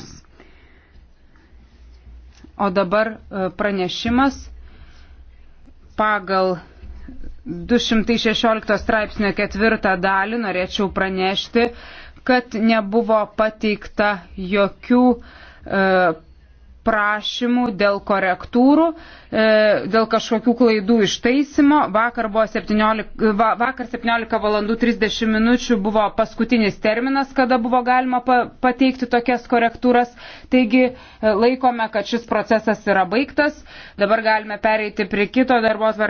dienos. O dabar e, pranešimas pagal 216 straipsnio ketvirtą dalį norėčiau pranešti, kad nebuvo pateikta jokių e, prašymų dėl korektūrų, e, dėl kažkokių klaidų ištaisimo. Vakar, 17, vakar 17 valandų 30 minučių buvo paskutinis terminas, kada buvo galima pateikti tokias korektūras. Taigi e, laikome, kad šis procesas yra baigtas. Dabar galime pereiti prie kito darbos.